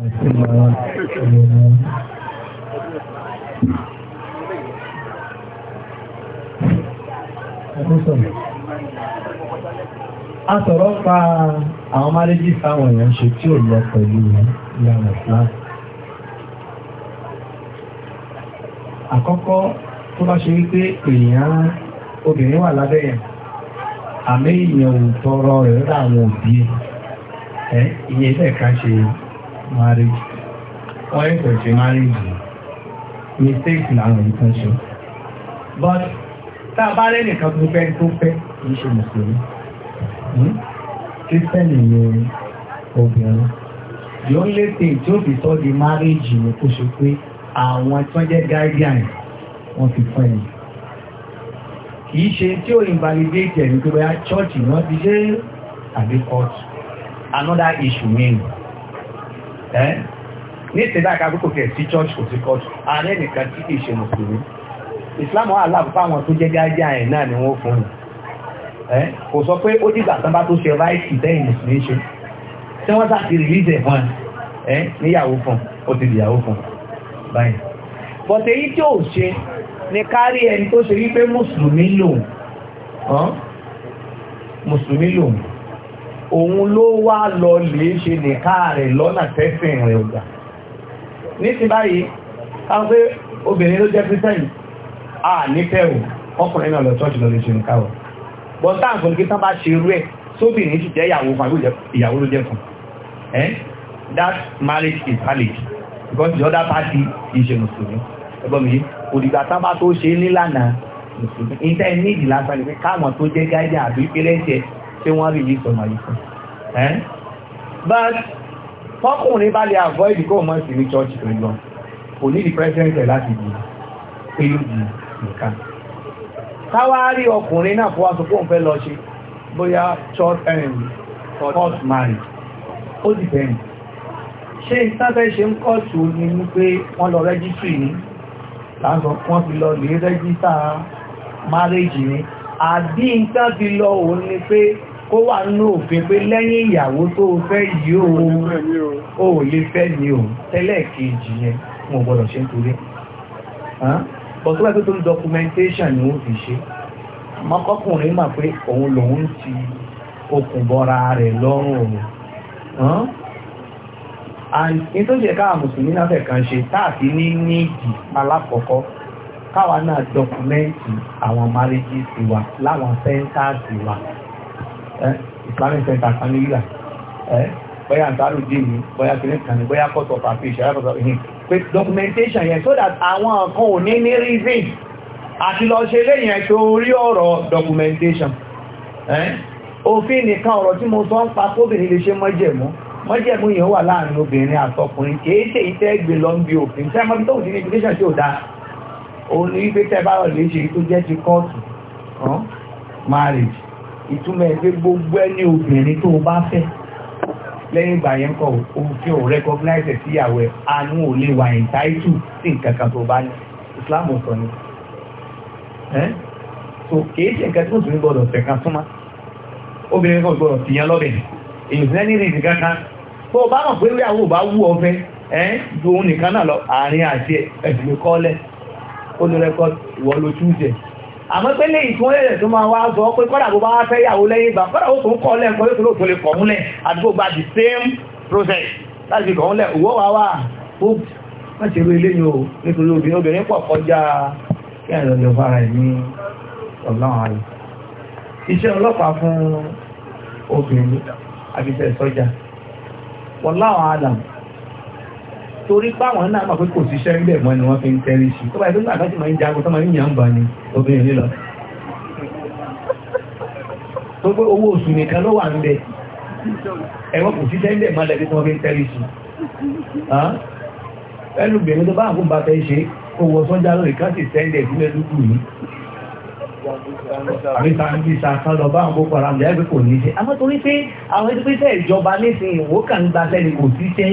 A sọ̀rọ̀ pa àwọn máréjì fáwọn èèyàn ṣe tí ò lọ pẹ̀lú ìyàwó láti. Àkọ́kọ́ tó bá ṣe wípé èèyàn obìnrin wà lábẹ́ yẹn, àmì èèyàn ò tọrọ rẹ̀ láwọn òbí ẹ̀ ìyẹn ilẹ̀ ṣe marriage wọ́n ẹ̀sẹ̀ ṣe marriage mistake làwọn nǹkan ṣe but tá a bá rẹ̀ nìkan tó fẹ́ tó fẹ́ kì í ṣe mùsùlùmí kírísítẹ́nì hmm? ni obìnrin the only thing tí ó fi sọ di marriage ni kó ṣe pé àwọn tí wọ́n jẹ́ guardian wọ́n fi fún ẹ̀yìn kì ṣe tí ó invalidate ẹ̀yìn pé bóyá church ni wọ́n ti ṣe àbí court another issue mìíràn ẹ́ ní ìsìnlẹ̀ àkàkù kò tẹ̀ sí church kò sí court ààrẹ nìkan tí kì í ṣe mùsùlùmí ìsìlámù aláàbò fáwọn tó jẹ́ gáájá ẹ̀ náà ni wọ́n fún un ẹ́ kò sọ pé ó dìgbà tán bá tó ṣe ráìtì bẹ́ẹ̀ mùsùlùmí ṣe tí wọ́n sá ti rìlíìsì ẹ̀ fún ẹ níyàwó fún ó ti dìyàwó fún báyìí bọ̀tẹ̀ yìí tí ò ṣe ni kárí ẹni tó ṣe òun ló wá lọ lè ṣe nìká rẹ̀ lọ́nà tẹ́sìn rẹ̀ ọ̀gbà ní ti báyìí káwọn pé obìnrin ló jẹ́ kírísẹ́yìn à ní tẹ́wò ọkùnrin náà lọ tọ́jú lọ lè ṣe nìká rọ̀ bọ́ táàkù ní tán bá ṣe rú ẹ̀ sóbìnrin sì jẹ́ ìyàwó fún ìyàwó ló jẹ́ fún that marriage is valid because the other party is a Muslim ẹgbọ́n mi òdìgbà tán bá tó ṣe tí wọ́n rí yìí sọmọ yìí fún but fọ́kùnrin bá lè avoid kó mọ́ sí ní church tó lọ kò ní the president ẹ̀ láti di pẹ̀lú di nìkan káwá rí ọkùnrin náà fọwọ́ sọ fóun fẹ́ lọ ṣe bóyá church court marriage ó sì bẹ̀rẹ̀ ṣé ìsáfẹ́ ṣe ń kọ́ọ̀tù ni wípé wọ́n lọ rẹ́jísírì ní láàrín wọ́n fi lọ lè rẹ́jísà márèjì ni àbí nǹkan ti lọ òun ni pé kó wà ní òfin pé lẹ́yìn ìyàwó tó fẹ́ yìí òun ò lè fẹ́ ní òun tẹ́lẹ̀ kejì yẹn wọn gbọ́dọ̀ ṣe nítorí bọ̀ tó bá tó ní documentation ni wọ́n fi ṣe mọ́kọ́kùnrin mà pé òun lòun ti okùn bọ́ra rẹ̀ lọ́rùn òun and ní tó ṣe káà mùsùlùmí náà fẹ̀ kan ṣe táàfin ní ní alákọ̀ọ́kọ́ káwa náà dọkumẹ́ǹtì àwọn máréjì sí wa láwọn sẹ́ńtàsì wa islamic center kan ní yíyà bóyá àǹtárò dì ní bóyá kìnìún kan ní bóyá court of appeal ṣẹlẹ court of appeal pé documentation yẹn so that àwọn kan ò ní ní reason àti lọ ṣe léyìn torí ọ̀rọ̀ documentation òfin nìkan ọ̀rọ̀ tí mo sọ ń pa kóbìnrin lè ṣe mọ́jẹ̀mú mọ́jẹ̀mú yẹn wà láàrin obìnrin àtọkùnrin kìí ṣe bi òfin sẹ́mọ́bí tó wù sí ní òun ní wípé tẹ́ bá rọ̀ léṣe tó jẹ́ ti kóòtù marriage ìtumọ̀ ẹ̀ pé gbogbo ẹni obìnrin tó o bá fẹ́ lẹ́yìn ìgbà yẹn kọ̀ òfin ò recognize ẹ̀ síyàwó ẹ̀ àánú ò lè wà entitled sí nǹkan kan tó bá ní Islam sọ ni so kìí ṣe nǹkan tí ó tún gbọ́dọ̀ fẹ̀ kan súnmọ́ obìnrin kan gbọ́dọ̀ fìyàn lọ́bẹ̀ èyí ní ìdí kankan bó o bá mọ̀ pé ìyàwó bá wù ọ fẹ́ ju òun nìkan náà lọ àárín àti ẹ̀sìn kọ́lẹ̀ ó ní rẹ́kọ́d ìwọ ló túnjẹ àmọ́ pé lè ìfún ẹ̀rẹ̀ tó máa wá sọ pé kọ́dà bó bá wá fẹ́ ìyàwó lẹ́yìn ìgbà kọ́dà ó tó ń kọ́ lẹ́ẹ̀kọ́ yóò tó lò tó lè kọ̀ múlẹ̀ àdúgbò gba the same process láti fi kọ̀ múlẹ̀ òwò wá wà ó má ṣe rú eléyìn o nítorí obìnrin obìnrin pọ̀ kọjá kí ẹ̀rọ lè fara ẹ̀ ní ọ̀làwọn àyè iṣẹ́ ọlọ́pàá fún obìnrin àbíṣẹ́ sọ́jà wọ́n láwọn àdàmù torí báwọn náà mọ̀ pé kò síṣẹ́ ń bẹ̀ mọ́ ni wọ́n fi ń tẹ́rí sí tó báyìí tó náà kájú máa ń jagun tó máa ń yàn bá ni obìnrin lílọ tó pé owó oṣù nìkan ló wà ń bẹ ẹ̀wọ́n kò síṣẹ́ ń bẹ̀ mọ́ lẹ́bí tí wọ́n fi ń tẹ́rí sí ẹnu bẹ̀rẹ̀ tó bá àkóbá fẹ́ ṣe owó sọ́jà lórí ká sì tẹ́ndẹ̀ sílẹ̀ lúkù yìí àríta ń bí sàkán lọ bá àwọn pàràmì ẹgbẹ́ kò ní ṣe àwọn torí pé àwọn ẹgbẹ́ ìjọba nísìnyí wó kàn ń gbaṣẹ́ ni kò síṣẹ́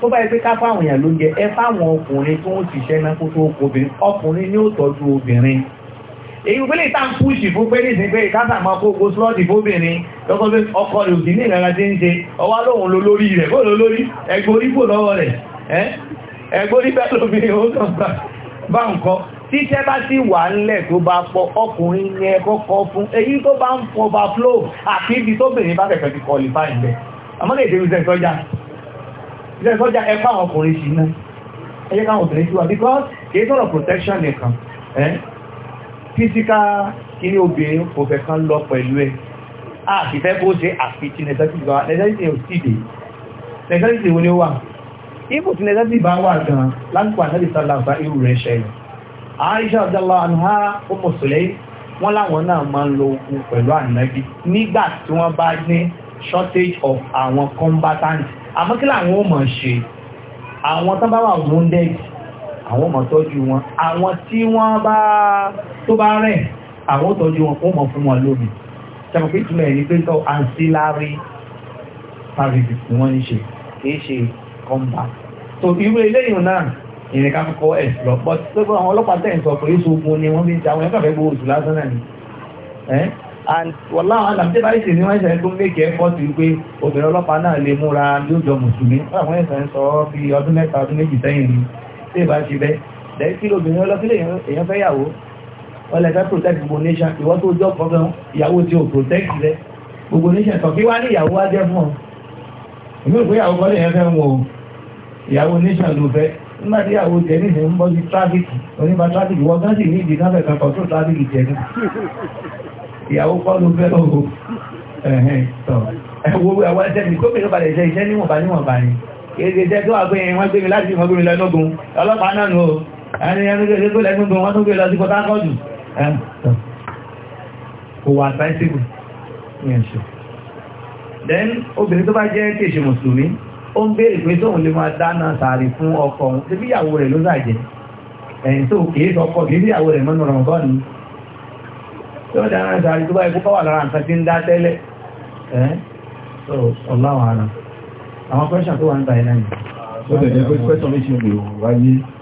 tó bá ẹgbẹ́ ká fáwọn èèyàn lóúnjẹ ẹ fáwọn ọkùnrin tó ń ṣiṣẹ́ náà kó tó obìnrin ọkùnrin ní ó tọ́jú obìnrin èyí pé lè tá ń púṣì fún pé ní ìsìnkú ìkásà máa kó ogun slọ́ọ̀dì fóbìnrin lọ́kọ́ pé ọkọ rẹ̀ òsì ní ìrìnàrà tí ń ṣe ọwá lóhun ló lórí rẹ̀ kó ló lórí ẹgbórí pò lọ́wọ́ rẹ̀ ẹgbórí bẹ́ẹ̀ lóbìnrin ó kàn bá nǹkan tíṣẹ́ bá sì wà ńlẹ̀ tó bá pọ̀ ọkùnrin ní ẹkọ́kọ́ fún èyí tó bá ń fọba flow àti ibi tóbìnrin bá fẹ̀fẹ̀ ti kọlifá ìbẹ̀ àmọ́ lè dé ilẹ̀ sọ́jà ẹ̀fà ọkùnrin sí náà ẹjẹ́ káwọn obìnrin sí wa because kìí sọ̀rọ̀ protection nìkan ẹ́ physical kìí obìnrin kò fẹ́ kan lọ pẹ̀lú ẹ̀ àti fẹ́ kó ṣe àfitì necessity wọn ni ó wà ipò tí necessity bá wà gan lásìkò àti sàlàbà irú rẹ̀ ṣẹlẹ̀ Aisha ọ̀dọ́lá àmúhá ọmọ sọ̀lẹ́ wọ́n láwọn náà máa ń lo okun pẹ̀lú ànábì nígbà tí wọ́n bá ní shortage of àwọn combatants àmọ́ kí làwọn ò mọ̀ ṣe àwọn tó bá wà wounded àwọn ò mọ̀ tọ́jú wọn àwọn tí wọ́n bá tó bá rẹ̀ àwọn ò tọ́jú wọn kó mọ̀ fún wọn lómi ṣàpọ̀ pé ìtumọ̀ ẹ̀ ní pé sọ ancillary services ni wọ́n ń ṣe kìí ṣe combat so irú eléyìí náà ìrìn ká kọ́ ẹ̀ lọ but gbogbo àwọn ọlọ́pàá tẹ̀ ń sọ pé èso ogun ni wọ́n fi ń ṣe àwọn ẹ̀kọ́ fẹ́ gbowó oṣù lásán náà ni and wọ́lá àlà tí bá ìṣẹ̀ ní wọ́n ìṣẹ̀ tó méjì ẹ̀kọ́ ti pé obìnrin ọlọ́pàá náà lè múra lóòjọ mùsùlùmí àwọn ẹ̀sẹ̀ ń sọ bí ọdún mẹ́ta ọdún méjì sẹ́yìn ni tí ìbá ṣe bẹ́ lẹ́yìn tí obìnrin ọlọ́pìlẹ̀ èèyàn fẹ́ yàwó ọlẹ́fẹ́ protect gbogbo nation ìwọ́n tó jọ kọ́ gan ìyàwó tí ò protect rẹ gbogbo nation kan kí wá ní ìyàwó wá jẹ́ fún ọ ìlú ìgbéyàwó kọ́lé yẹn fẹ́ wọn o ìyàwó nation ló fẹ́ nígbà tí ìyàwó tẹ̀ níṣẹ́ ń bọ́ sí traffic onípa traffic wọ́n gán sì ní ìdí náà fẹ̀ kan control traffic tẹ̀ ní ìyàwó kọ́ ló fẹ́ lọ́wọ́ ẹ̀hẹ́n tọ́ ẹ̀wọ́ àwọn ẹ̀ṣẹ́ mi gómìnà balẹ̀ iṣẹ́ iṣẹ́ níwọ̀nba níwọ̀nba ni èdè iṣẹ́ tó wà pé wọ́n gbé mi láti ìfọ́n gbé mi lọ́gbọ̀n ọlọ́pàá náà nù ẹni ẹni tó ṣe tó lẹ́gbọ̀n wọ́n tó gbé lọ sí Port Harcourt kò wà sáìsìkò ní ẹ̀ṣọ́ then obìnrin tó bá jẹ́ tí èṣe mùsùlùmí ó ń béèrè pé tóun lè máa dáná sàárì fún ọkọ òun tí bíyàwó rẹ̀ ló sàjẹ́ ẹ̀yìn tó kìí sọkọ kìí bíyàwó rẹ̀ mọ́nà rọ̀mọ́gọ́ni yóò dára ìsàrí tó bá ikú kọ́wà lára nǹkan tí ń dá tẹ́lẹ̀ ẹ́ so ọláwọ̀ ara àwọn pẹ́ṣà tó wà ń ta